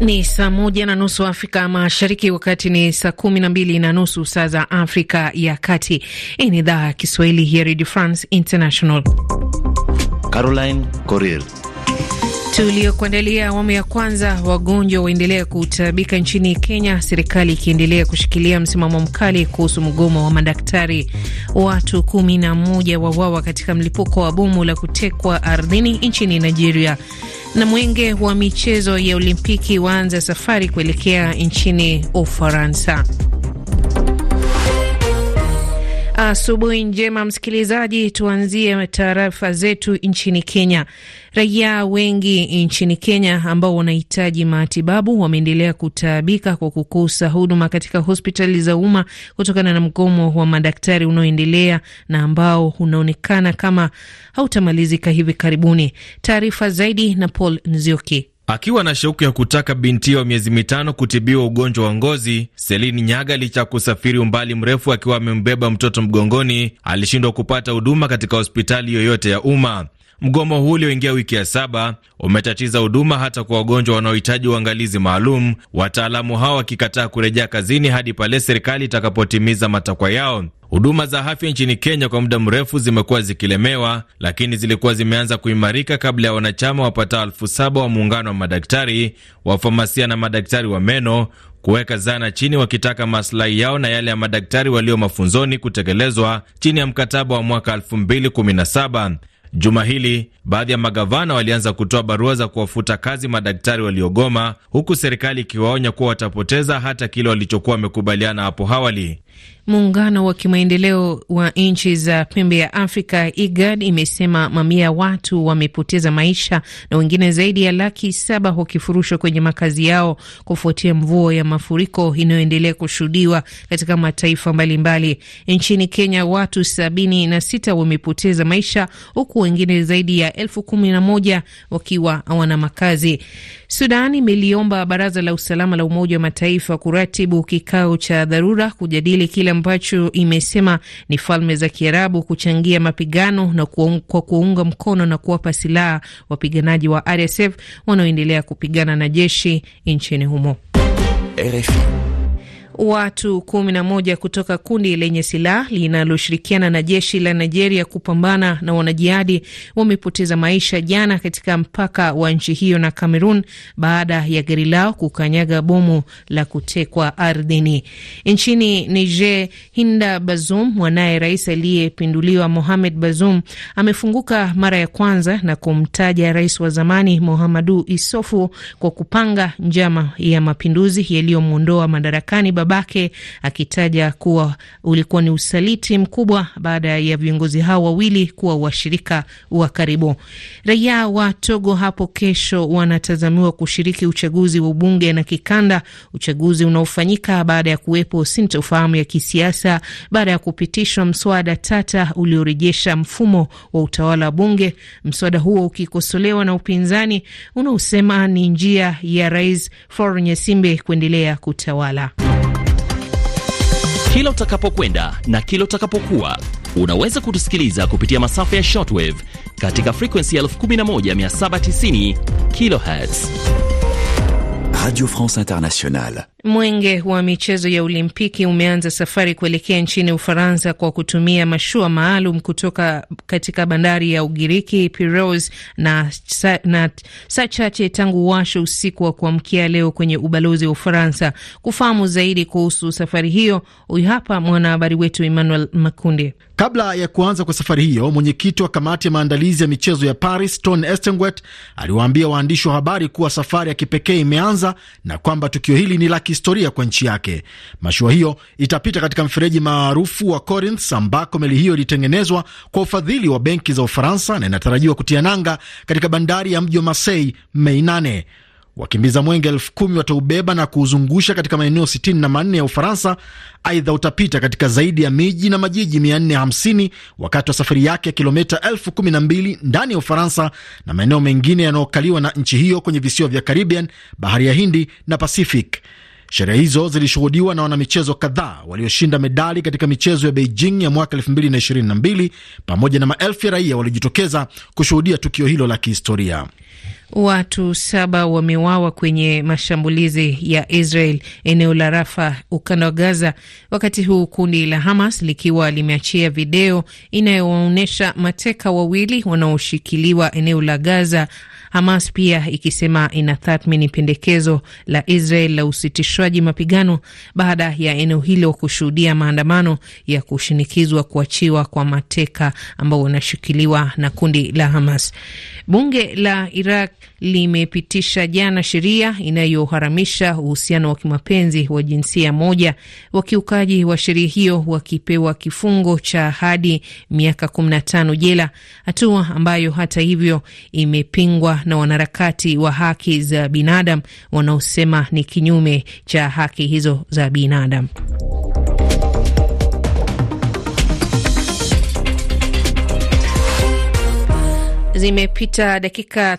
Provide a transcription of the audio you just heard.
Ni saa moja na nusu Afrika Mashariki, wakati ni saa kumi na mbili na nusu saa za Afrika ya Kati. Hii ni idhaa ya Kiswahili ya Radio France International. Caroline Coril tuliokuandalia awamu ya kwanza. Wagonjwa waendelea kutabika nchini Kenya, serikali ikiendelea kushikilia msimamo mkali kuhusu mgomo wa madaktari. Watu kumi na moja wawawa katika mlipuko wa bomu la kutekwa ardhini nchini Nigeria. Na mwenge wa michezo ya Olimpiki waanza safari kuelekea nchini Ufaransa. Asubuhi njema msikilizaji, tuanzie taarifa zetu nchini Kenya. Raia wengi nchini Kenya ambao wanahitaji matibabu wameendelea kutaabika kwa kukosa huduma katika hospitali za umma kutokana na mgomo wa madaktari unaoendelea na ambao unaonekana kama hautamalizika hivi karibuni. Taarifa zaidi na Paul Nzioki. Akiwa na shauku ya kutaka binti wa miezi mitano kutibiwa ugonjwa wa ngozi, Selini Nyaga, licha ya kusafiri umbali mrefu akiwa amembeba mtoto mgongoni, alishindwa kupata huduma katika hospitali yoyote ya umma. Mgomo huu ulioingia wiki ya saba umetatiza huduma hata kwa wagonjwa wanaohitaji uangalizi maalum, wataalamu hao wakikataa kurejea kazini hadi pale serikali itakapotimiza matakwa yao. Huduma za afya nchini Kenya kwa muda mrefu zimekuwa zikilemewa, lakini zilikuwa zimeanza kuimarika kabla ya wanachama wapatao elfu saba wa muungano wa madaktari wa famasia na madaktari wa meno kuweka zana chini wakitaka maslahi yao na yale ya madaktari walio mafunzoni kutekelezwa chini ya mkataba wa mwaka 2017. Juma hili baadhi ya magavana walianza kutoa barua za kuwafuta kazi madaktari waliogoma, huku serikali ikiwaonya kuwa watapoteza hata kile walichokuwa wamekubaliana hapo awali. Muungano wa kimaendeleo wa nchi za pembe ya Afrika, IGAD, imesema mamia ya watu wamepoteza maisha na wengine zaidi ya laki saba wakifurushwa kwenye makazi yao kufuatia mvua ya mafuriko inayoendelea kushuhudiwa katika mataifa mbalimbali. Nchini Kenya, watu sabini na sita wamepoteza maisha huku wengine zaidi ya elfu kumi na moja wakiwa hawana makazi. Sudan imeliomba baraza la usalama la Umoja wa Mataifa kuratibu kikao cha dharura kujadili kile ambacho imesema ni Falme za Kiarabu kuchangia mapigano na kwa kuwaunga mkono na kuwapa silaha wapiganaji wa RSF wanaoendelea kupigana na jeshi nchini humo. RFI. Watu kumi na moja kutoka kundi lenye silaha linaloshirikiana na jeshi la Nigeria kupambana na wanajihadi wamepoteza maisha jana katika mpaka wa nchi hiyo na cameron baada ya gari lao kukanyaga bomu la kutekwa ardhini. Nchini Niger, Hinda Bazoum, mwanaye rais aliyepinduliwa Mohamed Bazoum, amefunguka mara ya kwanza na kumtaja rais wa zamani Mohamadu Isofu kwa kupanga njama ya mapinduzi yaliyomwondoa madarakani baba Babake, akitaja kuwa ulikuwa ni usaliti mkubwa baada ya viongozi hao wawili kuwa washirika wa karibu. Raia wa Togo hapo kesho wanatazamiwa kushiriki uchaguzi wa ubunge na kikanda, uchaguzi unaofanyika baada ya kuwepo sintofahamu ya kisiasa baada ya kupitishwa mswada tata uliorejesha mfumo wa utawala wa bunge, mswada huo ukikosolewa na upinzani unaosema ni njia ya Rais Faure Gnassingbe kuendelea kutawala. Kila utakapokwenda na kila utakapokuwa unaweza kutusikiliza kupitia masafa ya shortwave katika frekuensi ya 11790 kilohertz. Radio France Internationale. Mwenge wa michezo ya Olimpiki umeanza safari kuelekea nchini Ufaransa kwa kutumia mashua maalum kutoka katika bandari ya Ugiriki Piraeus, na saa na, saa chache tangu washo usiku wa kuamkia leo kwenye ubalozi wa Ufaransa. Kufahamu zaidi kuhusu safari hiyo, huyu hapa mwanahabari wetu Emmanuel Makundi. Kabla ya kuanza kwa safari hiyo, mwenyekiti wa kamati ya maandalizi ya michezo ya Paris Ton Estenguet aliwaambia waandishi wa habari kuwa safari ya kipekee imeanza na kwamba tukio hili ni la kihistoria kwa nchi yake. Mashua hiyo itapita katika mfereji maarufu wa Corinth ambako meli hiyo ilitengenezwa kwa ufadhili wa benki za Ufaransa na inatarajiwa kutia nanga katika bandari ya mji wa Marseille Mei nane. Wakimbiza mwenge elfu kumi wataubeba na kuuzungusha katika maeneo sitini na manne ya Ufaransa. Aidha, utapita katika zaidi ya miji na majiji 450 wakati wa safari yake ya kilomita elfu kumi na mbili ndani ya Ufaransa na maeneo mengine yanayokaliwa na nchi hiyo kwenye visiwa vya Caribbean, bahari ya Hindi na Pacific. Sherehe hizo zilishuhudiwa na wanamichezo kadhaa walioshinda medali katika michezo ya Beijing ya mwaka 2022 pamoja na maelfu ya raia waliojitokeza kushuhudia tukio hilo la kihistoria. Watu saba wamewawa kwenye mashambulizi ya Israel eneo la Rafa, ukanda wa Gaza, wakati huu kundi la Hamas likiwa limeachia video inayowaonyesha mateka wawili wanaoshikiliwa eneo la Gaza Hamas pia ikisema inatathmini pendekezo la Israel la usitishwaji mapigano baada ya eneo hilo kushuhudia maandamano ya kushinikizwa kuachiwa kwa mateka ambao wanashikiliwa na kundi la Hamas. Bunge la Iraq limepitisha jana sheria inayoharamisha uhusiano wa kimapenzi wa jinsia moja, wakiukaji wa sheria hiyo wakipewa kifungo cha hadi miaka 15 jela, hatua ambayo hata hivyo imepingwa na wanaharakati wa haki za binadamu wanaosema ni kinyume cha haki hizo za binadamu. Zimepita dakika